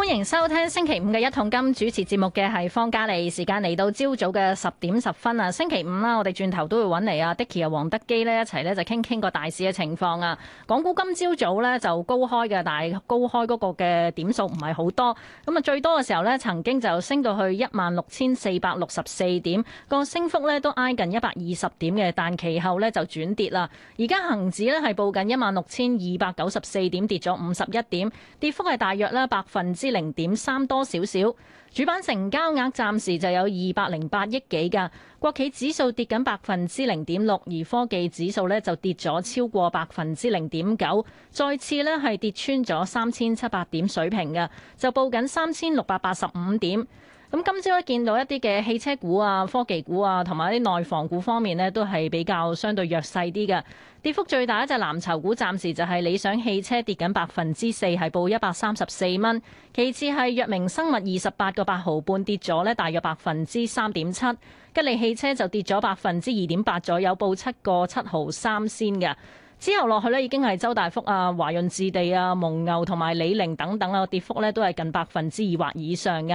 歡迎收聽星期五嘅一桶金，主持節目嘅係方嘉莉，時間嚟到朝早嘅十點十分啊，星期五啦，我哋轉頭都會揾嚟啊，Dicky 啊，黃德幾，呢一齊呢就傾傾個大市嘅情況啊。港股今朝早呢就高開嘅，但係高開嗰個嘅點數唔係好多，咁啊最多嘅時候呢曾經就升到去一萬六千四百六十四點，個升幅呢都挨近一百二十點嘅，但其後呢就轉跌啦。而家恒指呢係報緊一萬六千二百九十四點，跌咗五十一點，跌幅係大約咧百分之。零點三多少少，主板成交額暫時就有二百零八億幾㗎，國企指數跌緊百分之零點六，而科技指數呢就跌咗超過百分之零點九，再次呢係跌穿咗三千七百點水平嘅，就報緊三千六百八十五點。咁今朝咧，見到一啲嘅汽車股啊、科技股啊，同埋啲內房股方面呢，都係比較相對弱勢啲嘅。跌幅最大一隻藍籌股，暫時就係理想汽車跌緊百分之四，係報一百三十四蚊。4，其次係藥明生物二十八個八毫半跌咗呢，大約百分之三點七。吉利汽車就跌咗百分之二點八左右，報七個七毫三仙嘅。之後落去咧，已經係周大福啊、華潤置地啊、蒙牛同埋李寧等等啊，跌幅咧都係近百分之二或以上嘅。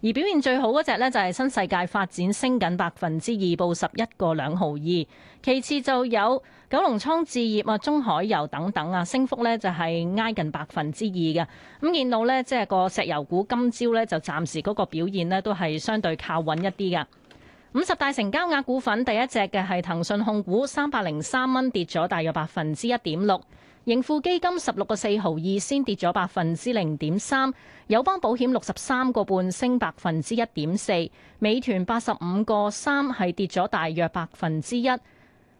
而表現最好嗰隻呢，就係新世界發展升緊百分之二，報十一個兩毫二。其次就有九龍倉置業啊、中海油等等啊，升幅呢就係挨近百分之二嘅。咁見到呢，即係個石油股今朝呢，就暫時嗰個表現呢，都係相對靠穩一啲嘅。五十大成交額股份第一隻嘅係騰訊控股，三百零三蚊，跌咗大約百分之一點六。盈富基金十六個四毫二先跌咗百分之零點三。友邦保險六十三個半升百分之一點四。美團八十五個三係跌咗大約百分之一。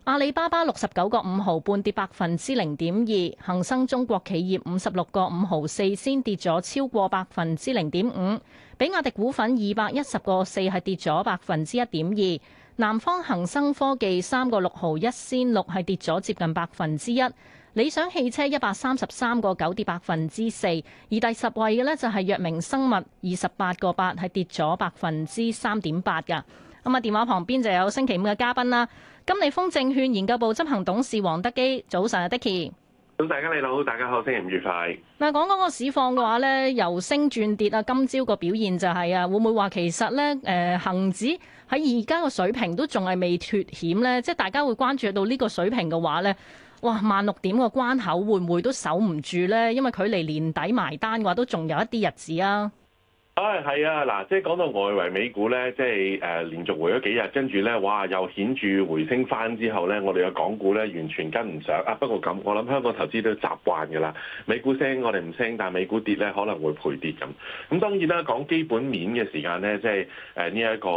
阿里巴巴六十九個五毫半跌百分之零點二。恒生中國企業五十六個五毫四先跌咗超過百分之零點五。比亞迪股份二百一十個四係跌咗百分之一點二，南方恒生科技三個六毫一先六係跌咗接近百分之一，理想汽車一百三十三個九跌百分之四，而第十位嘅呢，就係藥明生物二十八個八係跌咗百分之三點八噶。咁啊，電話旁邊就有星期五嘅嘉賓啦，金利豐證券研究部執行董事黃德幾，早晨啊，Dickie 咁大家你好，大家好，星期五愉快。嗱，講嗰個市況嘅話咧，由升轉跌啊，今朝個表現就係、是、啊，會唔會話其實咧，誒、呃，恒指喺而家個水平都仲係未脫險咧？即係大家會關注到呢個水平嘅話咧，哇，萬六點個關口會唔會都守唔住咧？因為距離年底埋單嘅話都仲有一啲日子啊。啊，係啊，嗱，即係講到外圍美股咧，即係誒連續回咗幾日，跟住咧，哇，又顯著回升翻之後咧，我哋嘅港股咧，完全跟唔上。啊，不過咁，我諗香港投資都習慣㗎啦。美股升我哋唔升，但係美股跌咧可能會陪跌咁。咁當然啦，講基本面嘅時間咧，即係誒呢一個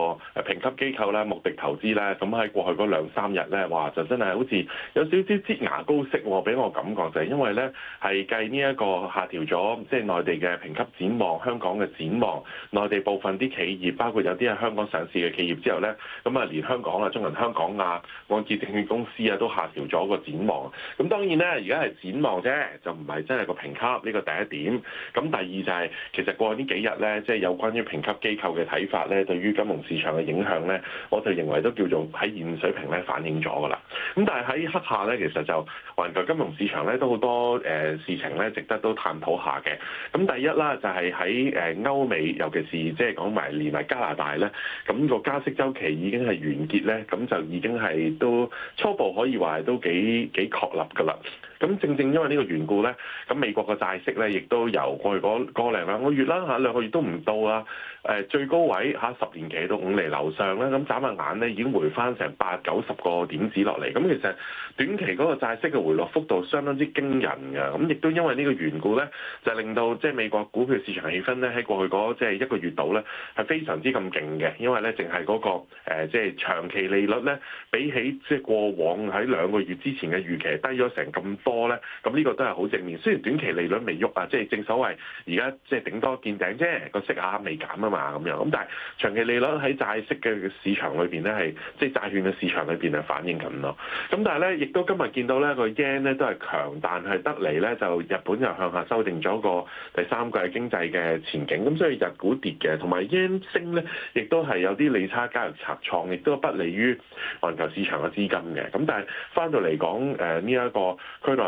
評級機構咧，穆迪投資咧，咁喺過去嗰兩三日咧，哇，就真係好似有少少擠牙膏式俾我感覺，就係因為咧係計呢一個下調咗，即係內地嘅評級展望，香港嘅展望。內地部分啲企業，包括有啲係香港上市嘅企業之後咧，咁啊，連香港啊，中銀香港啊，按揭證券公司啊，都下調咗個展望。咁當然咧，而家係展望啫，就唔係真係個評級呢個第一點。咁第二就係、是、其實過去呢幾日咧，即係有關於評級機構嘅睇法咧，對於金融市場嘅影響咧，我就認為都叫做喺現水平咧反映咗噶啦。咁但係喺黑下咧，其實就環球金融市場咧，都好多誒事情咧，值得都探討下嘅。咁第一啦，就係喺誒歐美。尤其是即係講埋連埋加拿大咧，咁個加息周期已經係完結咧，咁就已經係都初步可以話係都幾幾確立噶啦。咁正正因為呢個緣故咧，咁美國個債息咧，亦都由過去嗰個零兩個月啦嚇，兩個月都唔到啦，誒最高位嚇十年期到五厘樓上咧，咁眨下眼咧已經回翻成八九十個點子落嚟，咁其實短期嗰個債息嘅回落幅度相當之驚人嘅。咁亦都因為呢個緣故咧，就令到即係美國股票市場氣氛咧喺過去嗰即係一個月度咧係非常之咁勁嘅，因為咧淨係嗰個誒即係長期利率咧，比起即係過往喺兩個月之前嘅預期低咗成咁多咧，咁呢個都係好正面。雖然短期利率未喐啊，即係正所謂而家即係頂多見頂啫，個息啊未減啊嘛咁樣。咁但係長期利率喺債息嘅市場裏邊咧，係即係債券嘅市場裏邊係反映緊咯。咁但係咧，亦都今日見到咧個 yen 咧都係強，但係得嚟咧就日本又向下修正咗個第三季經濟嘅前景。咁所以日股跌嘅，同埋 yen 升咧，亦都係有啲利差交易拆倉，亦都不利於環球市場嘅資金嘅。咁但係翻到嚟講，誒呢一個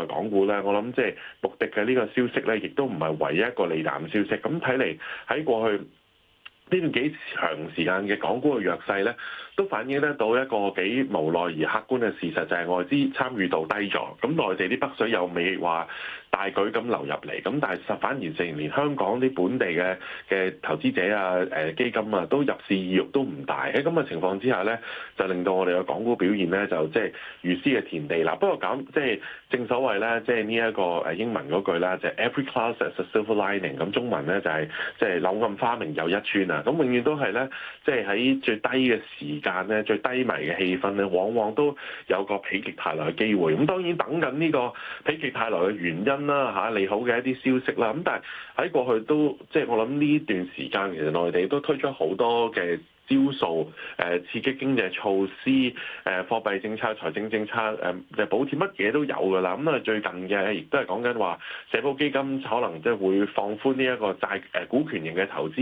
講股咧，我諗即係穆迪嘅呢個消息咧，亦都唔係唯一一個利淡消息。咁睇嚟喺過去呢段幾長時間嘅港股嘅弱勢咧，都反映得到一個幾無奈而客觀嘅事實，就係、是、外資參與度低咗，咁內地啲北水又未話大舉咁流入嚟，咁但係反而成連香港啲本地嘅嘅投資者啊、誒、呃、基金啊，都入市意欲都唔大，喺咁嘅情況之下咧，就令到我哋嘅港股表現咧，就即係如斯嘅田地啦。不過講即係正所謂咧，即係呢一個誒英文嗰句咧，就係、every class is a silver lining，咁中文咧就係即係柳暗花明又一村啊。咁永遠都係咧，即係喺最低嘅時間咧最低迷嘅氣氛咧，往往都有個否極泰來嘅機會。咁當然等緊呢個否極泰來嘅原因啦，嚇、啊、利好嘅一啲消息啦。咁但係喺過去都即係、就是、我諗呢段時間，其實內地都推出好多嘅招數，誒、呃、刺激經濟、措施、誒、呃、貨幣政策、財政政策、誒誒補貼，乜嘢都有㗎啦。咁、嗯、啊最近嘅亦都係講緊話，社保基金可能即係會放寬呢一個債誒、呃、股權型嘅投資，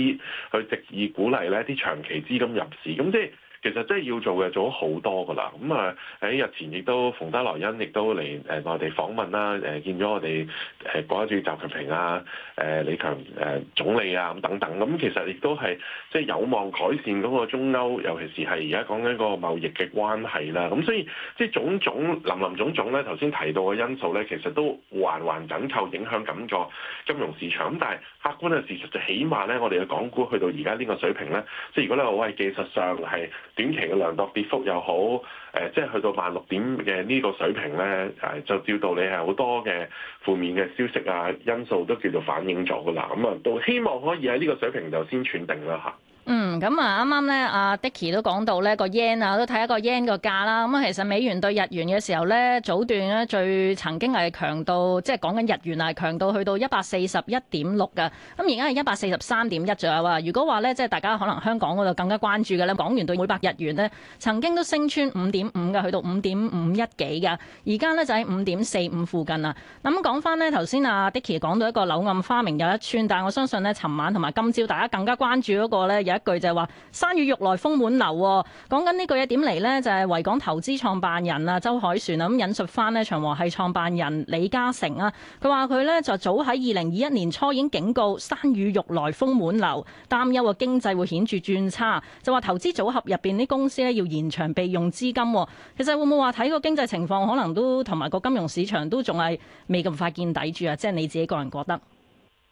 去藉以鼓勵咧啲長期資金入市。咁、嗯、即係。其實真係要做嘅，做咗好多噶啦。咁啊喺日前亦都馮德萊恩亦都嚟誒內地訪問啦，誒、呃、見咗我哋誒國家主席習近平啊、誒、呃、李強誒、呃、總理啊咁等等。咁、嗯、其實亦都係即係有望改善嗰個中歐，尤其是係而家講緊個貿易嘅關係啦。咁、嗯、所以即係、就是、種種林林總總咧，頭先提到嘅因素咧，其實都環環緊扣影響緊咗金融市場。咁但係客觀嘅事實就，起碼咧我哋嘅港股去到而家呢個水平咧，即、就、係、是、如果咧我係技術上係。短期嘅量度跌幅又好，誒、呃，即係去到萬六點嘅呢個水平咧，誒、呃，就照道理係好多嘅負面嘅消息啊，因素都叫做反映咗噶啦，咁、嗯、啊，都希望可以喺呢個水平就先斷定啦嚇。嗯，咁、嗯、啊，啱啱咧，阿 Dickie 都講到呢個 yen 啊，都睇一個 yen 個價啦。咁、嗯、其實美元對日元嘅時候呢，早段呢最曾經係強到，即係講緊日元係，強到去到一百四十一點六㗎。咁而家係一百四十三點一左右啊。如果話呢，即係大家可能香港嗰度更加關注嘅呢，港元對每百日元呢，曾經都升穿五點五嘅，去到五點五一幾嘅。而家呢，就喺五點四五附近啊。咁、嗯、講翻呢，頭先阿 Dickie 講到一個柳暗花明又一村，但係我相信呢，尋晚同埋今朝大家更加關注嗰個咧。一句就係話山雨欲來風滿樓，哦，講緊呢句嘢點嚟呢？就係、是、維港投資創辦人啊，周凱旋啊，咁引述翻呢長和系創辦人李嘉誠啊，佢話佢呢就早喺二零二一年初已經警告山雨欲來風滿樓，擔憂個經濟會顯著轉差，就話投資組合入邊啲公司呢要延長備用資金，哦。其實會唔會話睇個經濟情況，可能都同埋個金融市場都仲係未咁快見底住啊？即、就、係、是、你自己個人覺得。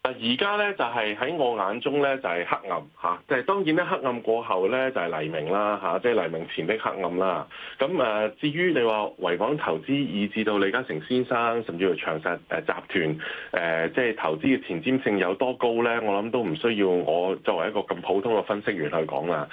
而家咧就係喺我眼中咧就係黑暗嚇，即係當然咧黑暗過後咧就係黎明啦嚇，即係黎明前的黑暗啦。咁啊，至於你話維港投資以至到李嘉誠先生甚至乎長實誒集團誒，即係投資嘅前瞻性有多高咧，我諗都唔需要我作為一個咁普通嘅分析員去講啦。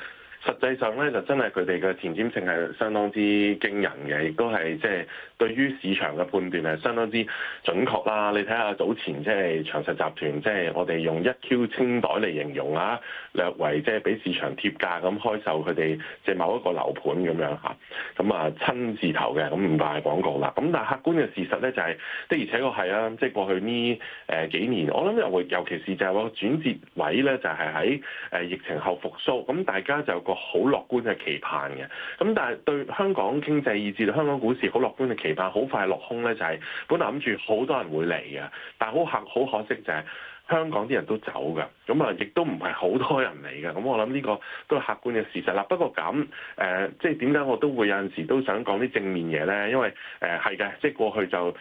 實際上咧就真係佢哋嘅前瞻性係相當之驚人嘅，亦都係即係對於市場嘅判斷係相當之準確啦。你睇下早前即係長實集團，即係我哋用一 Q 清袋嚟形容啦、啊，略為即係俾市場貼價咁開售佢哋即某一個樓盤咁樣嚇。咁啊親字頭嘅，咁唔係廣告啦。咁但係客觀嘅事實咧就係、是、的而且確係啊，即、就、係、是、過去呢誒幾年，我諗又會尤其是就係話轉折位咧就係喺誒疫情後復甦，咁大家就個好樂觀嘅期盼嘅，咁但係對香港經濟，以致到香港股市好樂觀嘅期盼，好快落空咧，就係本來諗住好多人會嚟嘅，但係好可好可惜就係。香港啲人都走㗎，咁啊，亦都唔係好多人嚟㗎，咁我諗呢個都係客觀嘅事實啦。不過咁誒、呃，即係點解我都會有陣時都想講啲正面嘢咧？因為誒係嘅，即係過去就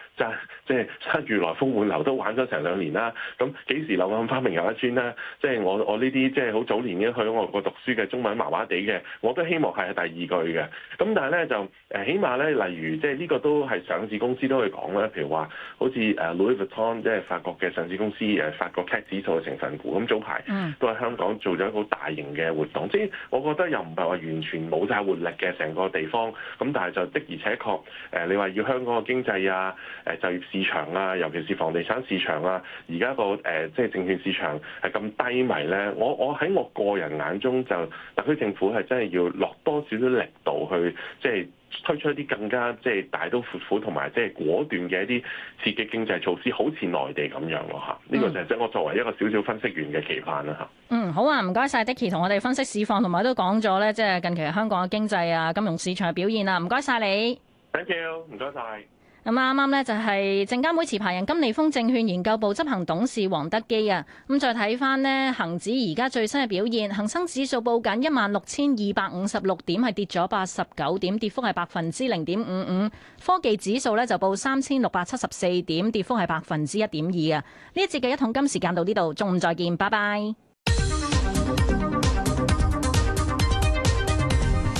即係山雨欲來風滿樓都玩咗成兩年啦。咁、啊、幾時柳暗花明又一村咧？即係我我呢啲即係好早年已經去咗外國讀書嘅中文麻麻地嘅，我都希望係第二句嘅。咁但係咧就誒，起碼咧例如即係呢個都係上市公司都可以講啦。譬如話，好似誒 Louis Vuitton 即係法國嘅上市公司誒法。個 K 指數嘅成分股咁，早排、嗯嗯、都喺香港做咗一個大型嘅活動，即係我覺得又唔係話完全冇晒活力嘅成個地方，咁但係就的而且確，誒你話要香港嘅經濟啊、誒就業市場啊，尤其是房地產市場啊，而家個誒即係證券市場係咁低迷咧，我我喺我個人眼中就特區政府係真係要落多少少力度去即係。就係推出一啲更加即係大刀闊斧同埋即係果斷嘅一啲刺激經濟措施，好似內地咁樣咯嚇。呢個就即係我作為一個少少分析員嘅期盼啦嚇。嗯，好啊，唔該晒 Dickie 同我哋分析市況，同埋都講咗咧，即係近期香港嘅經濟啊、金融市場嘅表現啦。唔該晒，你。Thank you，唔該曬。咁啱啱呢，剛剛就係證監會持牌人金利豐證券研究部執行董事黃德幾啊。咁再睇翻呢恒指而家最新嘅表現，恒生指數報緊一萬六千二百五十六點，係跌咗八十九點，跌幅係百分之零點五五。科技指數呢，就報三千六百七十四點，跌幅係百分之一點二啊。呢一節嘅一桶金時間到呢度，中午再見，拜拜。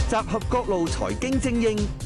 集合各路財經精英。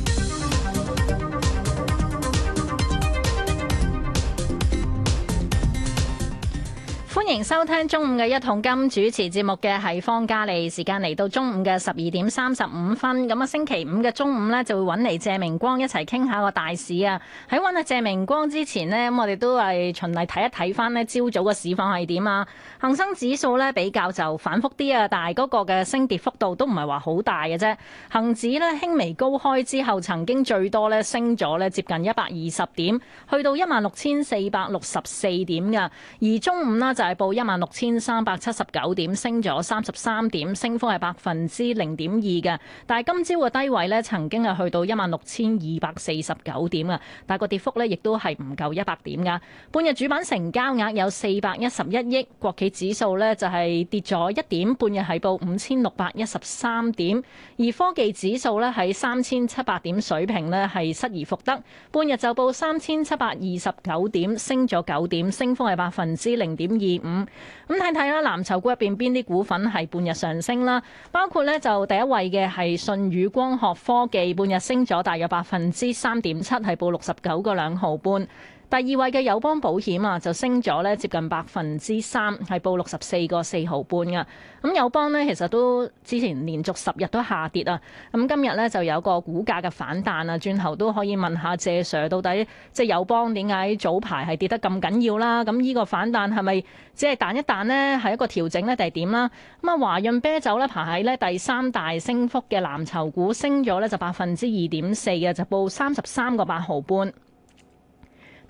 歡迎收聽中午嘅一桶金，主持節目嘅係方嘉莉，時間嚟到中午嘅十二點三十五分。咁啊，星期五嘅中午呢，就會揾嚟謝明光一齊傾下個大市啊。喺揾阿謝明光之前呢，咁我哋都係循例睇一睇翻呢朝早嘅市況係點啊。恒生指數呢比較就反復啲啊，但係嗰個嘅升跌幅度都唔係話好大嘅啫。恒指呢輕微高開之後，曾經最多呢升咗呢接近一百二十點，去到一萬六千四百六十四點㗎。而中午呢。大報一萬六千三百七十九點，升咗三十三點，升幅係百分之零點二嘅。但係今朝嘅低位咧，曾經係去到一萬六千二百四十九點呀，但係個跌幅呢亦都係唔夠一百點噶。半日主板成交額有四百一十一億，國企指數呢就係跌咗一點，半日係報五千六百一十三點，而科技指數呢喺三千七百點水平呢係失而復得，半日就報三千七百二十九點，升咗九點，升幅係百分之零點二。五咁睇睇啦，看看藍籌股入邊邊啲股份係半日上升啦，包括咧就第一位嘅係舜宇光學科技，半日升咗大約百分之三點七，係報六十九個兩毫半。第二位嘅友邦保險啊，就升咗咧，接近百分之三，係報六十四個四毫半嘅。咁友邦呢，其實都之前連續十日都下跌啦。咁、嗯、今日呢，就有個股價嘅反彈啊，轉頭都可以問下謝 Sir 到底即係友邦點解早排係跌得咁緊要啦？咁、啊、呢、呢個反彈係咪只係彈一彈呢？係一個調整咧，定係點啦？咁啊，華潤啤酒咧排喺呢第三大升幅嘅藍籌股，升咗呢就百分之二點四嘅，就報三十三個八毫半。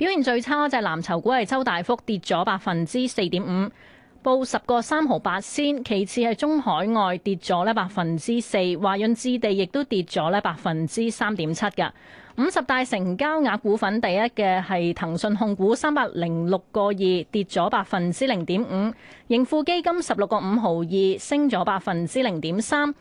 表現最差就係藍籌股，係周大福跌咗百分之四點五，報十個三毫八仙。其次係中海外跌咗呢百分之四，華潤置地亦都跌咗呢百分之三點七㗎。五十大成交額股份第一嘅係騰訊控股，三百零六個二，跌咗百分之零點五。盈富基金十六個五毫二，升咗百分之零點三。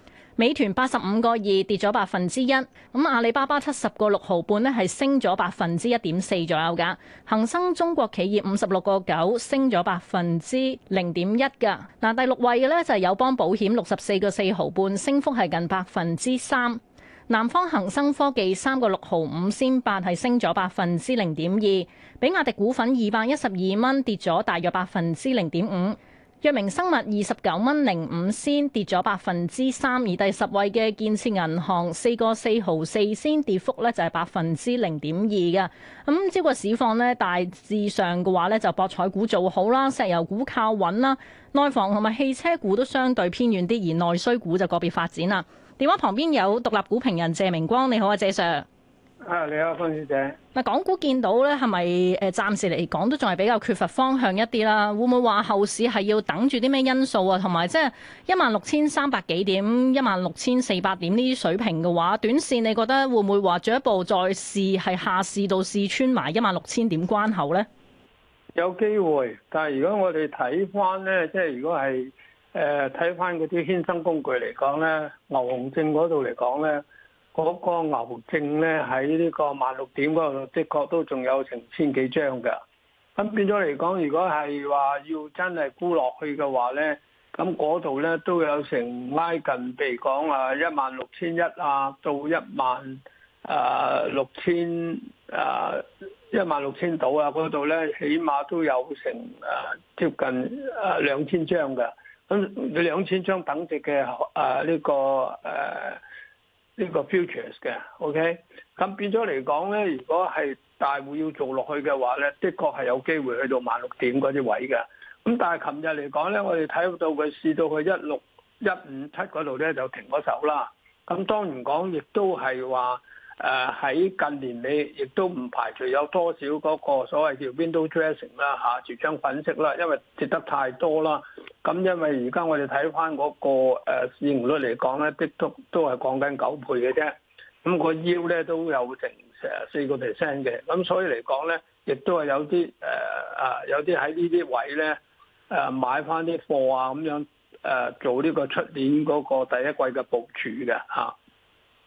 美團八十五個二跌咗百分之一，咁阿里巴巴七十個六毫半咧係升咗百分之一點四左右噶。恒生中國企業五十六個九升咗百分之零點一噶。嗱，第六位嘅呢就係、是、友邦保險六十四個四毫半，升幅係近百分之三。南方恒生科技三個六毫五先八係升咗百分之零點二。比亞迪股份二百一十二蚊跌咗大約百分之零點五。藥明生物二十九蚊零五仙跌咗百分之三；而第十位嘅建設銀行四個四毫四仙跌幅呢，就係百分之零點二嘅。咁超過市況呢，大致上嘅話呢，就博彩股做好啦，石油股靠穩啦，內房同埋汽車股都相對偏遠啲，而內需股就個別發展啦。電話旁邊有獨立股評人謝明光，你好啊，謝 sir。啊，你好，方小姐。嗱，港股見到咧，係咪誒暫時嚟講都仲係比較缺乏方向一啲啦？會唔會話後市係要等住啲咩因素啊？同埋即係一萬六千三百幾點、一萬六千四百點呢啲水平嘅話，短線你覺得會唔會話進一步再試係下試到試穿埋一萬六千點關口咧？有機會，但係如果我哋睇翻咧，即係如果係誒睇翻嗰啲衍生工具嚟講咧，牛熊證嗰度嚟講咧。嗰個牛證咧喺呢個萬六點嗰度，的確都仲有成千幾張嘅。咁變咗嚟講，如果係話要真係沽落去嘅話咧，咁嗰度咧都有成拉近，譬如講啊，一萬六千一啊，到一萬啊六千啊，一萬六千到啊嗰度咧，起碼都有成啊接近啊兩千張嘅。咁你兩千張等值嘅啊呢、呢個誒？啊個 okay? 呢個 futures 嘅，OK，咁變咗嚟講咧，如果係大戶要做落去嘅話咧，的確係有機會去到萬六點嗰啲位嘅。咁但係尋日嚟講咧，我哋睇到佢試到佢一六一五七嗰度咧就停咗手啦。咁當然講亦都係話。誒喺近年，你亦都唔排除有多少嗰個所謂叫 window dressing 啦嚇，住張粉飾啦，因為跌得太多啦。咁因為、那個啊、而家我哋睇翻嗰個市盈率嚟講咧 b i 都係降緊九倍嘅啫。咁、那個腰咧都有成成四個 percent 嘅。咁所以嚟講咧，亦都係有啲誒啊，有啲喺呢啲位咧誒買翻啲貨啊咁樣誒做呢個出年嗰個第一季嘅部署嘅嚇。啊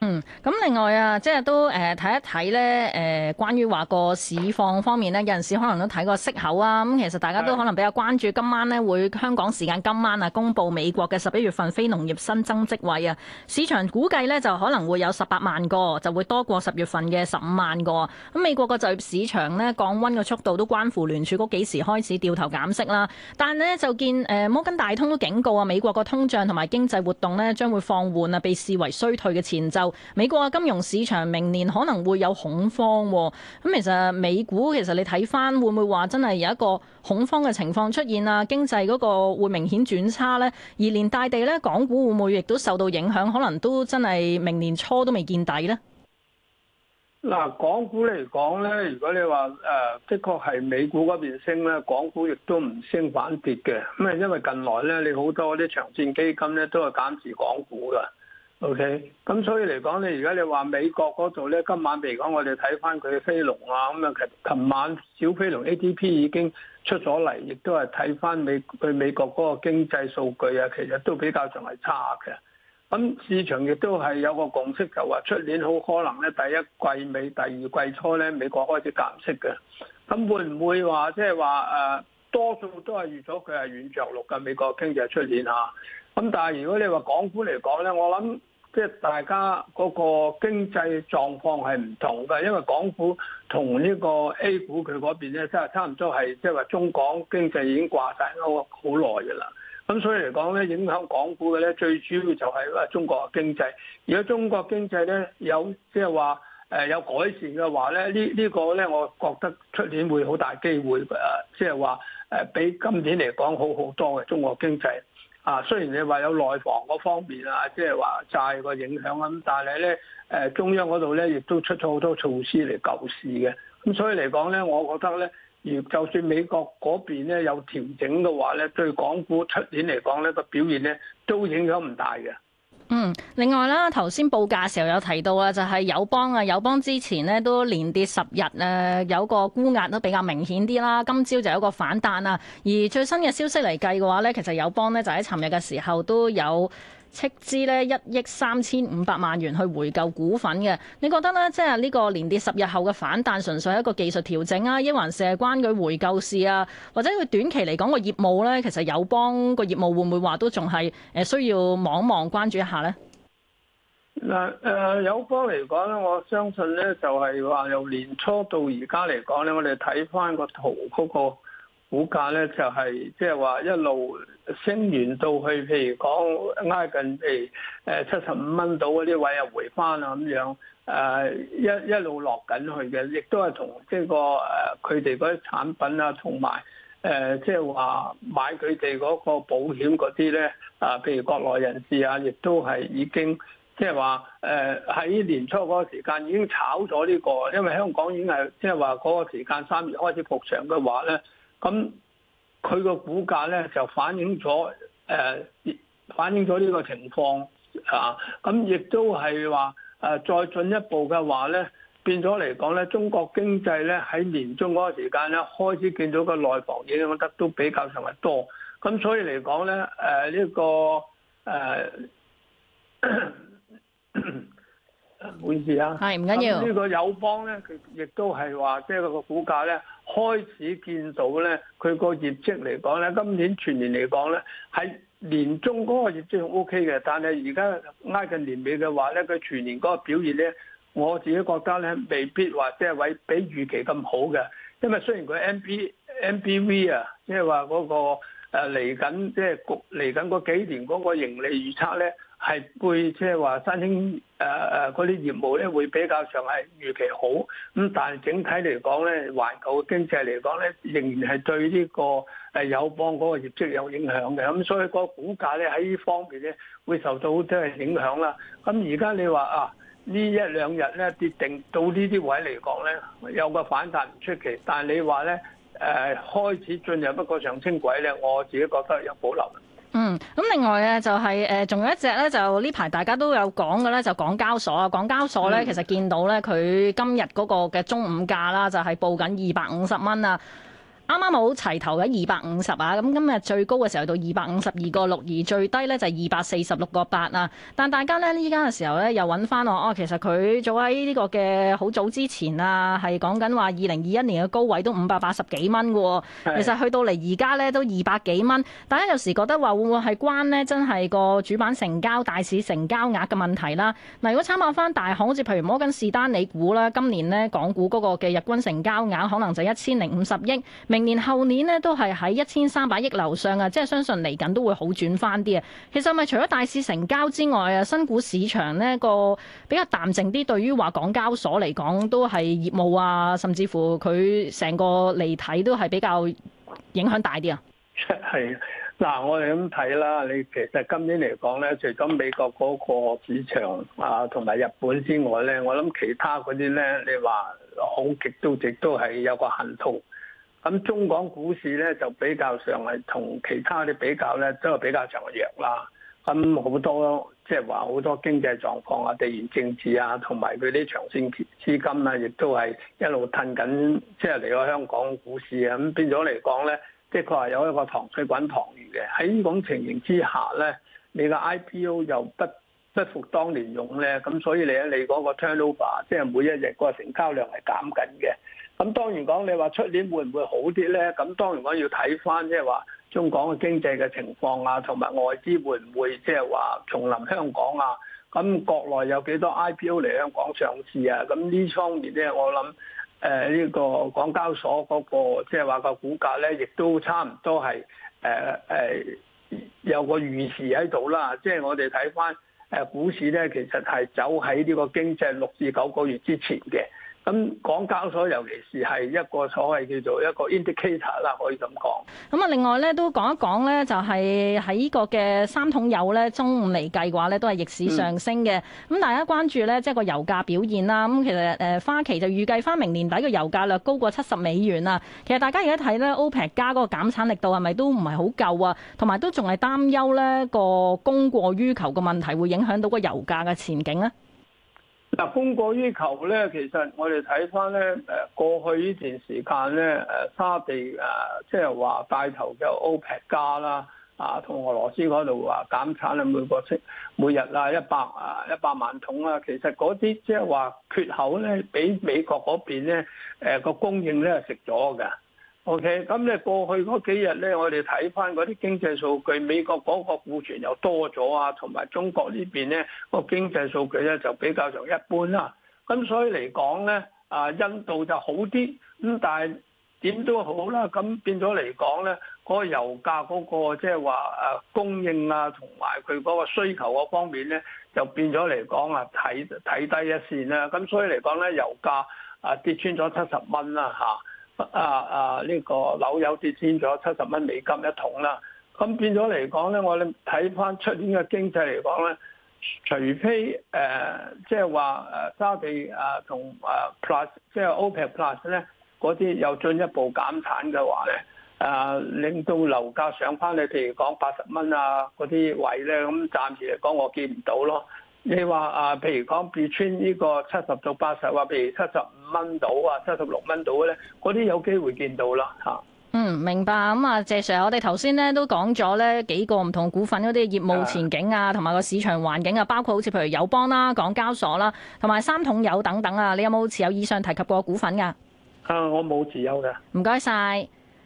嗯，咁另外啊，即係都誒睇、呃、一睇咧誒關於話個市況方面咧，有陣時可能都睇個息口啊。咁其實大家都可能比較關注今晚咧，會香港時間今晚啊，公布美國嘅十一月份非農業新增職位啊。市場估計咧就可能會有十八萬個就會多過十月份嘅十五萬個，咁、啊、美國個就業市場咧降溫嘅速度都關乎聯儲局幾時開始掉頭減息啦。但咧就見誒、呃、摩根大通都警告啊，美國個通脹同埋經濟活動咧將會放緩啊，被視為衰退嘅前奏。美國啊，金融市場明年可能會有恐慌、啊，咁其實美股其實你睇返會唔會話真係有一個恐慌嘅情況出現啊？經濟嗰個會明顯轉差呢、啊？而連大地呢，港股會唔會亦都受到影響？可能都真係明年初都未見底呢。嗱、呃，港股嚟講呢，如果你話誒、呃，的確係美股嗰邊升呢，港股亦都唔升反跌嘅，咁啊，因為近來呢，你好多啲長線基金呢，都係減持港股㗎。O.K. 咁所以嚟講你而家你話美國嗰度咧，今晚譬如講，我哋睇翻佢非農啊，咁啊，琴晚小非農 ADP 已經出咗嚟，亦都係睇翻美佢美國嗰個經濟數據啊，其實都比較上係差嘅。咁市場亦都係有個共識，就話出年好可能咧，第一季尾，第二季初咧，美國開始減息嘅。咁會唔會話即係話誒，多數都係預咗佢係軟着陸嘅美國經濟出年嚇。咁但係如果你話港股嚟講咧，我諗。即係大家嗰個經濟狀況係唔同㗎，因為港股同呢個 A 股佢嗰邊咧，即係差唔多係即係話中港經濟已經掛晒咗好耐㗎啦。咁所以嚟講咧，影響港股嘅咧，最主要就係啦中國經濟。如果中國經濟咧有即係話誒有改善嘅話咧，這個、呢呢個咧，我覺得出年會好大機會誒，即係話誒比今年嚟講好好多嘅中國經濟。啊，雖然你話有內房嗰方面啊，即係話債個影響啊，咁但係咧，誒中央嗰度咧，亦都出咗好多措施嚟救市嘅。咁所以嚟講咧，我覺得咧，而就算美國嗰邊咧有調整嘅話咧，對港股出年嚟講咧個表現咧，都影響唔大嘅。嗯，另外啦，頭先報價嘅時候有提到啊，就係友邦啊，友邦之前呢都連跌十日誒，有個沽壓都比較明顯啲啦。今朝就有個反彈啦，而最新嘅消息嚟計嘅話呢，其實友邦呢就喺尋日嘅時候都有，斥資呢，一億三千五百萬元去回購股份嘅，你覺得呢，即係呢個連跌十日後嘅反彈，純粹係一個技術調整啊，抑還是係關佢回購事啊，或者佢短期嚟講個業務呢？其實友邦個業務會唔會話都仲係誒需要望望關注一下呢？嗱，誒友邦嚟講呢，我相信呢，就係話由年初到而家嚟講呢，我哋睇翻個圖嗰個。股價咧就係即係話一路升完到去，譬如講挨近誒誒七十五蚊度嗰啲位又回翻啊咁樣，誒一一路落緊去嘅，亦都係同即係個誒佢哋嗰啲產品啊，同埋誒即係話買佢哋嗰個保險嗰啲咧，啊譬如國內人士啊，亦都係已經即係話誒喺年初嗰個時間已經炒咗呢個，因為香港已經係即係話嗰個時間三月開始復常嘅話咧。咁佢個股價咧就反映咗，誒、呃，反映咗呢個情況啊。咁亦都係話，誒、呃，再進一步嘅話咧，變咗嚟講咧，中國經濟咧喺年中嗰個時間咧，開始見到個內房影響得都比較上係多。咁所以嚟講咧，誒、呃，呢、這個誒，唔、呃、 好意思啊，係唔緊要。呢個友邦咧，佢亦都係話，即係個股價咧。開始見到咧，佢個業績嚟講咧，今年全年嚟講咧，喺年中嗰個業績係 OK 嘅，但係而家挨近年尾嘅話咧，佢全年嗰個表現咧，我自己覺得咧，未必話即係位比預期咁好嘅，因為雖然佢 m P N P V 啊，即係話嗰個嚟緊即係局嚟緊嗰幾年嗰個盈利預測咧。係會即係話新興誒誒嗰啲業務咧會比較上係預期好，咁但係整體嚟講咧，環球經濟嚟講咧，仍然係對呢個誒友邦嗰個業績有影響嘅，咁所以個股價咧喺呢方面咧會受到即係影響啦。咁而家你話啊呢一兩日咧跌定到呢啲位嚟講咧有個反彈唔出奇，但係你話咧誒開始進入一個上升軌咧，我自己覺得有保留。嗯，咁另外咧就係、是、誒，仲、呃、有一隻咧，就呢排大家都有講嘅咧，就港、是、交所啊，港交所咧，嗯、其實見到咧，佢今日嗰個嘅中午價啦，就係、是、報緊二百五十蚊啊。啱啱冇齊頭嘅二百五十啊，咁今日最高嘅時候到二百五十二個六，而最低呢就二百四十六個八啊。但大家呢，依家嘅時候呢又揾翻我，哦，其實佢早喺呢個嘅好早之前啊，係講緊話二零二一年嘅高位都五百八十幾蚊喎，是其實去到嚟而家呢都二百幾蚊。大家有時覺得話會唔會係關呢真係個主板成交、大市成交額嘅問題啦？嗱、啊，如果參考翻大行，好似譬如摩根士丹利股啦，今年呢港股嗰個嘅日均成交額可能就一千零五十億，年後年咧都係喺一千三百億樓上啊，即係相信嚟緊都會好轉翻啲啊。其實咪除咗大市成交之外啊，新股市場呢個比較淡靜啲，對於話港交所嚟講都係業務啊，甚至乎佢成個嚟睇都係比較影響大啲啊。係嗱，我哋咁睇啦。你其實今年嚟講呢，除咗美國嗰個市場啊，同埋日本之外呢，我諗其他嗰啲呢，你話好極都極都係有個痕痛。咁中港股市咧就比較上係同其他啲比較咧都係比較上弱啦。咁好多即係話好多經濟狀況啊、地緣政治啊，同埋佢啲長線資金啊，亦都係一路褪緊，即係嚟咗香港股市啊。咁變咗嚟講咧，的確係有一個塘水滾塘魚嘅。喺呢種情形之下咧，你個 IPO 又不不復當年勇咧，咁所以咧你嗰個 turnover 即係每一日個成交量係減緊嘅。咁當然講，你話出年會唔會好啲咧？咁當然講要睇翻，即係話中港嘅經濟嘅情況啊，同埋外資會唔會即係話重臨香港啊？咁國內有幾多 IPO 嚟香港上市啊？咁呢方面咧，我諗誒呢個港交所嗰個即係話個股價咧，亦都差唔多係誒誒有個預示喺度啦。即係我哋睇翻誒股市咧，其實係走喺呢個經濟六至九個月之前嘅。咁港交所尤其是係一個所謂叫做一個 indicator 啦，可以咁講。咁啊，另外咧都講一講咧，就係、是、喺個嘅三桶油咧，中午嚟計嘅話咧，都係逆市上升嘅。咁、嗯、大家關注咧，即係個油價表現啦。咁其實誒，花旗就預計翻明年底嘅油價略高過七十美元啊。其實大家而家睇咧，OPEC 加嗰個減產力度係咪都唔係好夠啊？同埋都仲係擔憂咧個供過於求嘅問題會影響到個油價嘅前景咧。嗱，供過於求咧，其實我哋睇翻咧，誒過去呢段時間咧，誒沙地誒、呃、即係話帶頭嘅 OPEC 加啦，啊同俄羅斯嗰度話減產啊，每個息每日啊一百啊一百萬桶啊，其實嗰啲即係話缺口咧，俾美國嗰邊咧誒個供應咧係食咗㗎。O.K. 咁咧，過去嗰幾日咧，我哋睇翻嗰啲經濟數據，美國嗰個庫存又多咗啊，同埋中國呢邊咧個經濟數據咧就比較就一般啦。咁所以嚟講咧，啊印度就好啲，咁、嗯、但係點都好啦。咁變咗嚟講咧，嗰個油價嗰、嗰個即係話誒供應啊，同埋佢嗰個需求嗰方面咧，就變咗嚟講啊睇睇低一線啦。咁所以嚟講咧，油價啊跌穿咗七十蚊啦嚇。啊啊！呢、啊這個樓有跌穿咗七十蚊美金一桶啦，咁變咗嚟講咧，我哋睇翻出年嘅經濟嚟講咧，除非誒、呃、即係話誒沙地啊同誒 Plus 即係 OPEC Plus 咧嗰啲又進一步減產嘅話咧，啊令到樓價上翻，你譬如講八十蚊啊嗰啲位咧，咁暫時嚟講我見唔到咯。你話啊，譬如講 between 呢個七十到八十，或者譬如七十五蚊到啊，七十六蚊到咧，嗰啲有機會見到啦嚇。嗯，明白。咁啊，謝 Sir，我哋頭先咧都講咗咧幾個唔同股份嗰啲業務前景啊，同埋個市場環境啊，包括好似譬如友邦啦、港交所啦，同埋三桶油等等啊，你有冇持有以上提及過股份噶？啊，我冇持有噶。唔該晒。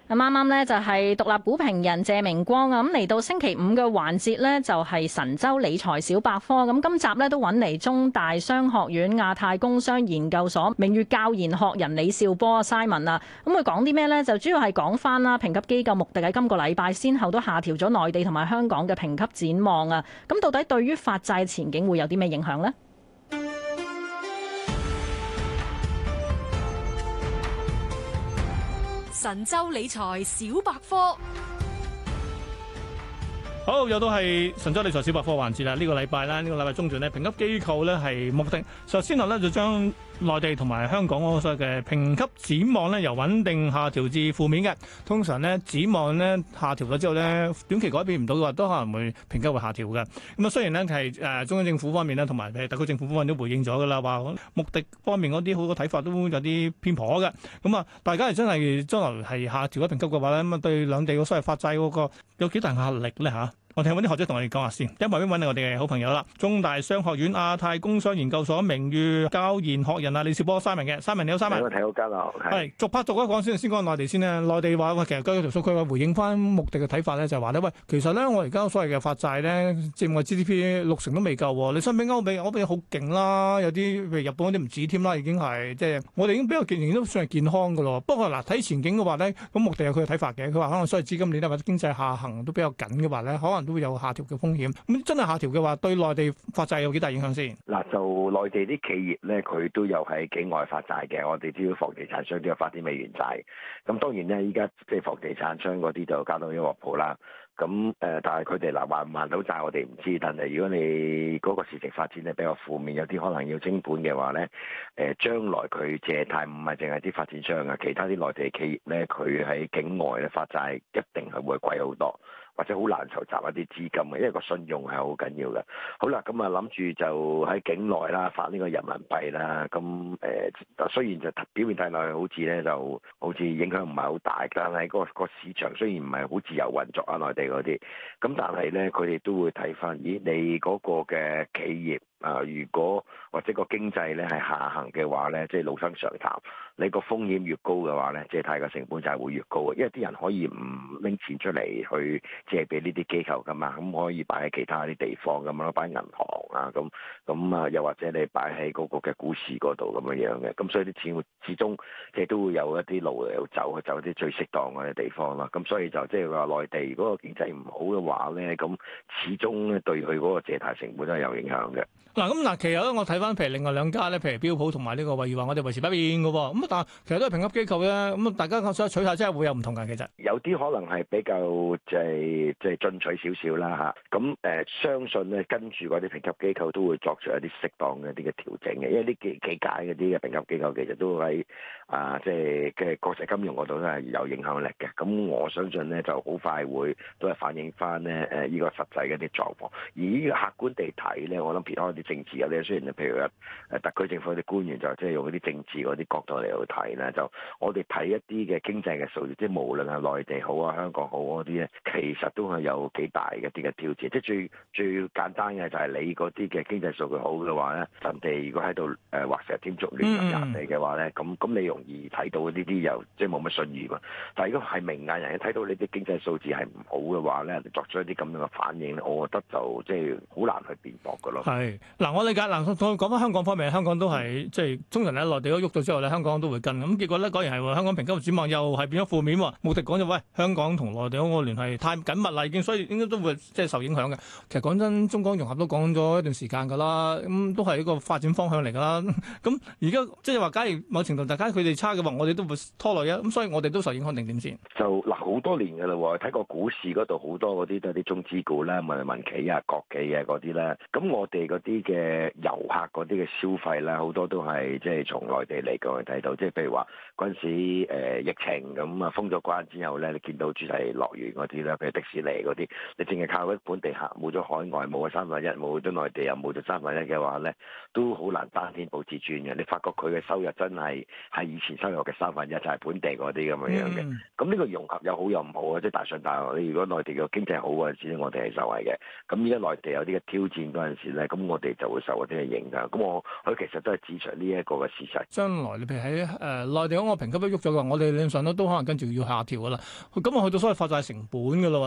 啱啱咧就係獨立股評人謝明光啊，咁嚟到星期五嘅環節咧就係神州理財小百科。咁今集咧都揾嚟中大商學院亞太工商研究所名譽教研學人李兆波啊 Simon 啊，咁佢講啲咩咧？就主要係講翻啦，評級機構穆迪喺今個禮拜先後都下調咗內地同埋香港嘅評級展望啊，咁到底對於發債前景會有啲咩影響咧？神州理財小百科，好又到係神州理財小百科環節啦！呢個禮拜啦，呢個禮拜中段咧，評級機構咧係穆迪，首先啦咧就將。內地同埋香港嗰個所謂嘅評級展望咧，由穩定下調至負面嘅。通常咧，展望咧下調咗之後咧，短期改變唔到嘅話，都可能會評級會下調嘅。咁啊，雖然咧係誒中央政府方面咧，同埋特區政府方面都回應咗噶啦，話目的方面嗰啲好多睇法都有啲偏頗嘅。咁啊，大家係真係將來係下調咗評級嘅話咧，咁啊對兩地個所謂法制嗰個有幾大壓力咧嚇？我哋揾啲學者同我哋講下先，一旁邊揾嚟我哋嘅好朋友啦，中大商學院亞太工商研究所名譽教研學人啊李少波 Simon 嘅，Simon 嚟有 Simon。我睇好啲啊，係逐 part 逐一講先，先講內地先啊。內地話其實據條數，佢話回應翻穆迪嘅睇法咧，就係話咧，喂，其實咧、就是、我而家所謂嘅發債咧，佔我 GDP 六成都未夠喎。你相比歐美，歐美好勁啦，有啲譬如日本嗰啲唔止添啦，已經係即係我哋已經比較健，都算係健康嘅咯。不過嗱，睇前景嘅話咧，咁穆迪有佢嘅睇法嘅，佢話可能所謂資金鏈或者經濟下行都比較緊嘅話咧，可能。都會有下調嘅風險。咁真係下調嘅話，對內地發債有幾大影響先？嗱，就內地啲企業咧，佢都有喺境外發債嘅。我哋知道房地產商都有發啲美元債。咁當然咧，依家即係房地產商嗰啲就搞到音卧鋪啦。咁誒，但係佢哋嗱還唔還到債我哋唔知。但係如果你嗰個事情發展係比較負面，有啲可能要清盤嘅話咧，誒，將來佢借貸唔係淨係啲發展商啊，其他啲內地企業咧，佢喺境外咧發債一定係會貴好多。或者好難籌集一啲資金嘅，因為個信用係好緊要嘅。好啦，咁啊諗住就喺境內啦發呢個人民幣啦。咁誒、呃，雖然就表面睇落去好似咧，就好似影響唔係好大，但係、個個市場雖然唔係好自由運作啊，內地嗰啲。咁但係咧，佢哋都會睇翻，咦？你嗰個嘅企業啊、呃，如果或者個經濟咧係下行嘅話咧，即係老生常談，你個風險越高嘅話咧，即係貸嘅成本就係會越高啊。因為啲人可以唔拎錢出嚟去。借俾呢啲機構㗎嘛，咁可以擺喺其他啲地方咁樣，擺喺銀行啊，咁咁啊，又或者你擺喺嗰個嘅股市嗰度咁樣樣嘅，咁所以啲錢會始終即係都會有一啲路嚟去走，走啲最適當嘅地方啦。咁所以就即係話內地，如果個經濟唔好嘅話咧，咁始終咧對佢嗰個借貸成本都係有影響嘅。嗱，咁嗱，其實咧我睇翻譬如另外兩家咧，譬如標普同埋呢個惠譽話，我哋維持不變嘅喎。咁但係其實都係評級機構嘅，咁大家想取下真係會有唔同㗎，其實有啲可能係比較即係。即係進取少少啦嚇，咁、啊、誒相信咧跟住嗰啲評級機構都會作出一啲適當嘅一啲嘅調整嘅，因為啲幾幾間嗰啲嘅評級機構其實都喺啊即係嘅國際金融嗰度都係有影響力嘅，咁我相信咧就好快會都係反映翻咧誒呢個實際嘅啲狀況。而呢個客觀地睇咧，我諗其他啲政治嘅咧，雖然譬如啊誒特區政府啲官員就即係用啲政治嗰啲角度嚟去睇啦，就我哋睇一啲嘅經濟嘅數字，即係無論係內地好啊香港好嗰啲咧，其實。都係有幾大嘅啲嘅挑戰，即係最最簡單嘅就係你嗰啲嘅經濟數據好嘅話咧，人哋如果喺度誒畫蛇添足亂人哋嘅話咧，咁咁你容易睇到呢啲又即係冇乜信譽。但係如果係明眼人，你睇到你啲經濟數字係唔好嘅話咧，作出一啲咁樣嘅反應咧，我覺得就即係好難去辯駁嘅咯。係嗱，我理解嗱，講翻香港方面，香港都係、嗯、即係中人咧，內地都喐咗之後咧，香港都會跟咁。結果咧，果然係香港評級展望又係變咗負面喎。穆迪講咗喂，香港同內地嘅聯繫太緊。物例見，所以應該都會即係受影響嘅。其實講真，中港融合都講咗一段時間㗎啦，咁都係一個發展方向嚟㗎啦。咁而家即係話，假如某程度大家佢哋差嘅話，我哋都會拖累啊。咁所以我哋都受影響定點先？就嗱，呃，好多年㗎啦，睇過股市嗰度好多嗰啲都係啲中資股啦、民民企啊、國企啊嗰啲啦。咁我哋嗰啲嘅遊客嗰啲嘅消費啦，好多都係即係從內地嚟過嚟睇到，即係譬如話嗰陣時疫情咁啊、嗯、封咗關之後咧，你見到主題樂園嗰啲咧，迪士尼嗰啲，你淨係靠本地客，冇咗海外，冇咗三分一，冇咗內地，又冇咗三分一嘅話咧，都好難單天保至尊嘅。你發覺佢嘅收入真係係以前收入嘅三分一，就係本地嗰啲咁樣嘅。咁呢、嗯、個融合有好有唔好啊，即係大上大落。你如果內地嘅經濟好嘅時，我哋係受惠嘅。咁依家內地有啲嘅挑戰嗰陣時咧，咁我哋就會受嗰啲嘅影響。咁我佢其實都係指出呢一個嘅事實。將來你譬如喺誒、呃、內地嗰個評級喐咗嘅，我哋理論上都可能跟住要下調嘅啦。咁我去到所謂發債成本嘅啦。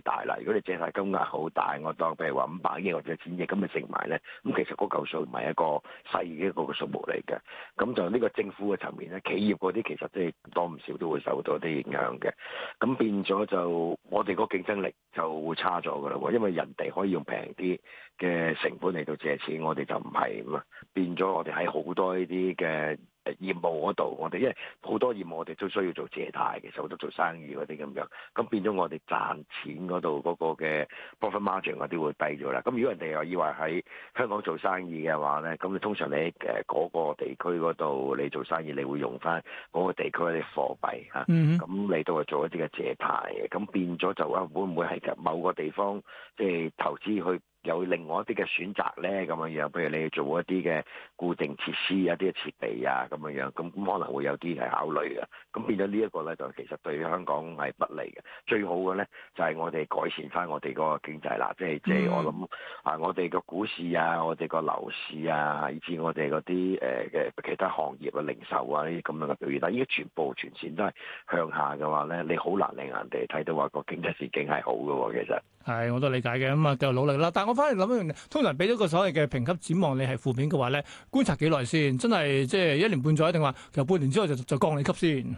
大啦！如果你借貸金額好大，我當譬如話五百億或者千億，咁咪剩埋咧？咁其實嗰嚿數唔係一個細嘅一個數目嚟嘅。咁就呢個政府嘅層面咧，企業嗰啲其實即係多唔少都會受到一啲影響嘅。咁變咗就我哋個競爭力就會差咗噶啦喎，因為人哋可以用平啲嘅成本嚟到借錢，我哋就唔係咁啊。變咗我哋喺好多呢啲嘅。誒業務嗰度，我哋因為好多業務我哋都需要做借貸嘅，所以好多做生意嗰啲咁樣，咁變咗我哋賺錢嗰度嗰個嘅 profit margin 嗰啲會低咗啦。咁如果人哋又以為喺香港做生意嘅話咧，咁你通常你誒嗰個地區嗰度你做生意，你會用翻嗰個地區啲貨幣嚇，咁、mm hmm. 啊、你都係做一啲嘅借貸嘅，咁變咗就話會唔會係某個地方即係、就是、投資去？有另外一啲嘅選擇咧，咁樣樣，譬如你做一啲嘅固定設施、一啲嘅設備啊，咁樣樣，咁咁可能會有啲係考慮嘅。咁變咗呢一個咧，就其實對香港係不利嘅。最好嘅咧，就係、是、我哋改善翻我哋嗰個經濟啦。即係即係我諗啊，我哋個股市啊，我哋個樓市啊，以至我哋嗰啲誒嘅其他行業啊、零售啊呢啲咁樣嘅表現，但係依家全部全線都係向下嘅話咧，你好難令人哋睇到話個經濟前景係好嘅喎、啊。其實係，我都理解嘅。咁啊，繼續努力啦。我翻嚟諗一樣嘢，通常俾咗個所謂嘅評級展望，你係負面嘅話咧，觀察幾耐先？真係即係一年半載，定話由半年之後就就降你級先？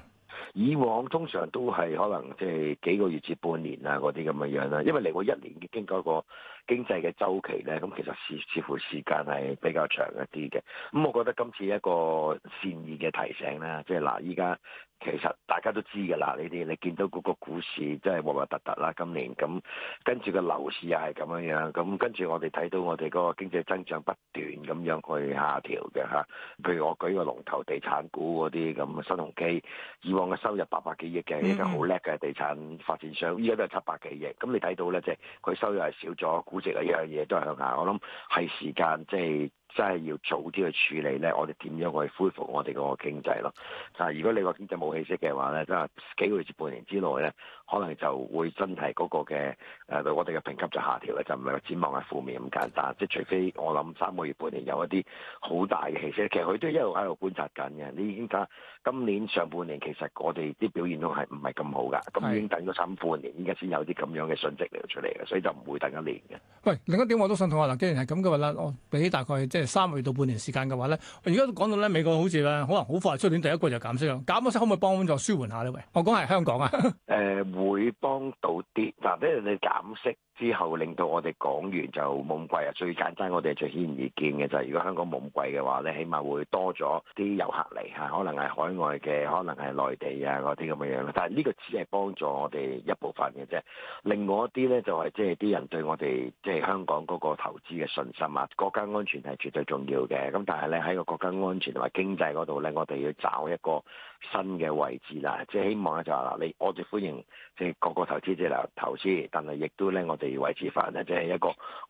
以往通常都係可能即係幾個月至半年啊，嗰啲咁嘅樣啦。因為嚟過一年已經經過、過。經濟嘅周期咧，咁其實似似乎時間係比較長一啲嘅。咁、嗯、我覺得今次一個善意嘅提醒啦，即係嗱，依家其實大家都知㗎啦，呢啲你見到嗰個股市真係核核突突啦，今年咁跟住個樓市又係咁樣樣，咁跟住我哋睇到我哋嗰個經濟增長不斷咁樣去下調嘅嚇。譬如我舉個龍頭地產股嗰啲咁，新鴻基以往嘅收入八百幾億嘅，一家好叻嘅地產發展商，依家都係七百幾億。咁、嗯、你睇到咧，即係佢收入係少咗。估值啊，一樣嘢都係向下，我諗係時間，即係。真係要早啲去處理咧，我哋點樣去恢復我哋個經濟咯？但係如果你個經濟冇氣息嘅話咧，即係幾個月至半年之內咧，可能就會真係嗰個嘅誒、呃，我哋嘅評級就下調咧，就唔係話展望係負面咁簡單。即係除非我諗三個月、半年有一啲好大嘅氣息，其實佢都一路喺度觀察緊嘅。你已經睇下，今年上半年其實我哋啲表現都係唔係咁好㗎，咁已經等咗三是半年，依家先有啲咁樣嘅信息嚟到出嚟嘅，所以就唔會等一年嘅。喂，另一點我都想同啊！嗱，既然係咁嘅話啦，我俾大概即係。就是三個月到半年時間嘅話咧，而家都講到咧，美國好似啦，可能好快出年第一季就減息啦，減息可唔可以幫到我舒緩下呢？喂，我講係香港啊，誒會幫到啲，嗱，即係你哋減息。之後令到我哋講完就冇咁貴啊！最簡單，我哋最顯而易見嘅就係，如果香港冇咁貴嘅話咧，起碼會多咗啲遊客嚟嚇，可能係海外嘅，可能係內地啊嗰啲咁嘅樣啦。但係呢個只係幫助我哋一部分嘅啫，另外一啲咧就係即係啲人對我哋即係香港嗰個投資嘅信心啊！國家安全係絕對重要嘅，咁但係咧喺個國家安全同埋經濟嗰度咧，我哋要找一個新嘅位置啦，即係希望咧就係啦，你我哋歡迎即係個個投資者啦投資，但係亦都咧我。地位置法，啊，即係一個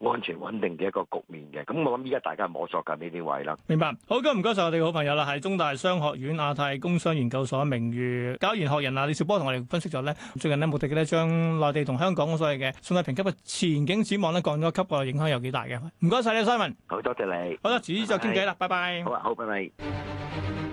安全穩定嘅一個局面嘅。咁我諗依家大家摸索緊呢啲位啦。明白，好咁唔該晒。我哋嘅好朋友啦，係中大商學院亞太工商研究所名譽教研學人啊李兆波同我哋分析咗咧，最近呢，目的咧將內地同香港所謂嘅信貸評級嘅前景展望咧降咗級，個影響有幾大嘅？唔該曬你，Simon 好多謝你。Simon，好啦，主持就傾偈啦，拜拜。好啊，好拜拜。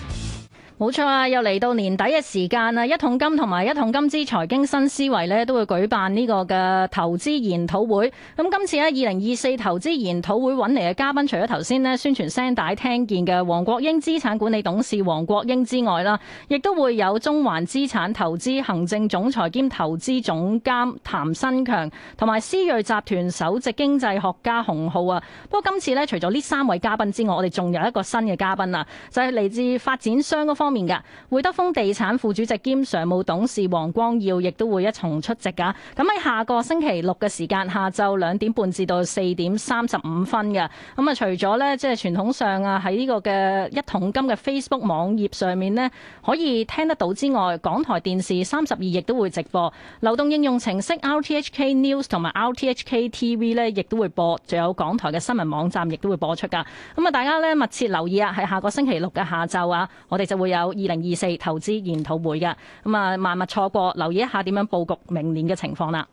冇錯啊！又嚟到年底嘅時間啦，一桶金同埋一桶金之財經新思維咧都會舉辦呢個嘅投資研討會。咁今次喺二零二四投資研討會揾嚟嘅嘉賓，除咗頭先咧宣傳聲帶聽見嘅黃國英資產管理董事黃國英之外啦，亦都會有中環資產投資行政總裁兼投資總監譚新強，同埋思睿集團首席經濟學家洪浩啊。不過今次咧，除咗呢三位嘉賓之外，我哋仲有一個新嘅嘉賓啊，就係嚟自發展商嗰方面嘅會德豐地產副主席兼常務董事黃光耀亦都會一同出席噶。咁喺下個星期六嘅時間，下晝兩點半至到四點三十五分嘅。咁啊，除咗呢，即係傳統上啊，喺呢個嘅一桶金嘅 Facebook 網頁上面呢，可以聽得到之外，港台電視三十二亦都會直播。流動應用程式 RTHK News 同埋 RTHK TV 呢，亦都會播，仲有港台嘅新聞網站亦都會播出噶。咁啊，大家呢，密切留意啊，喺下個星期六嘅下晝啊，我哋就會有、啊。有二零二四投資研討會嘅咁啊，萬勿錯過，留意一下點樣佈局明年嘅情況啦。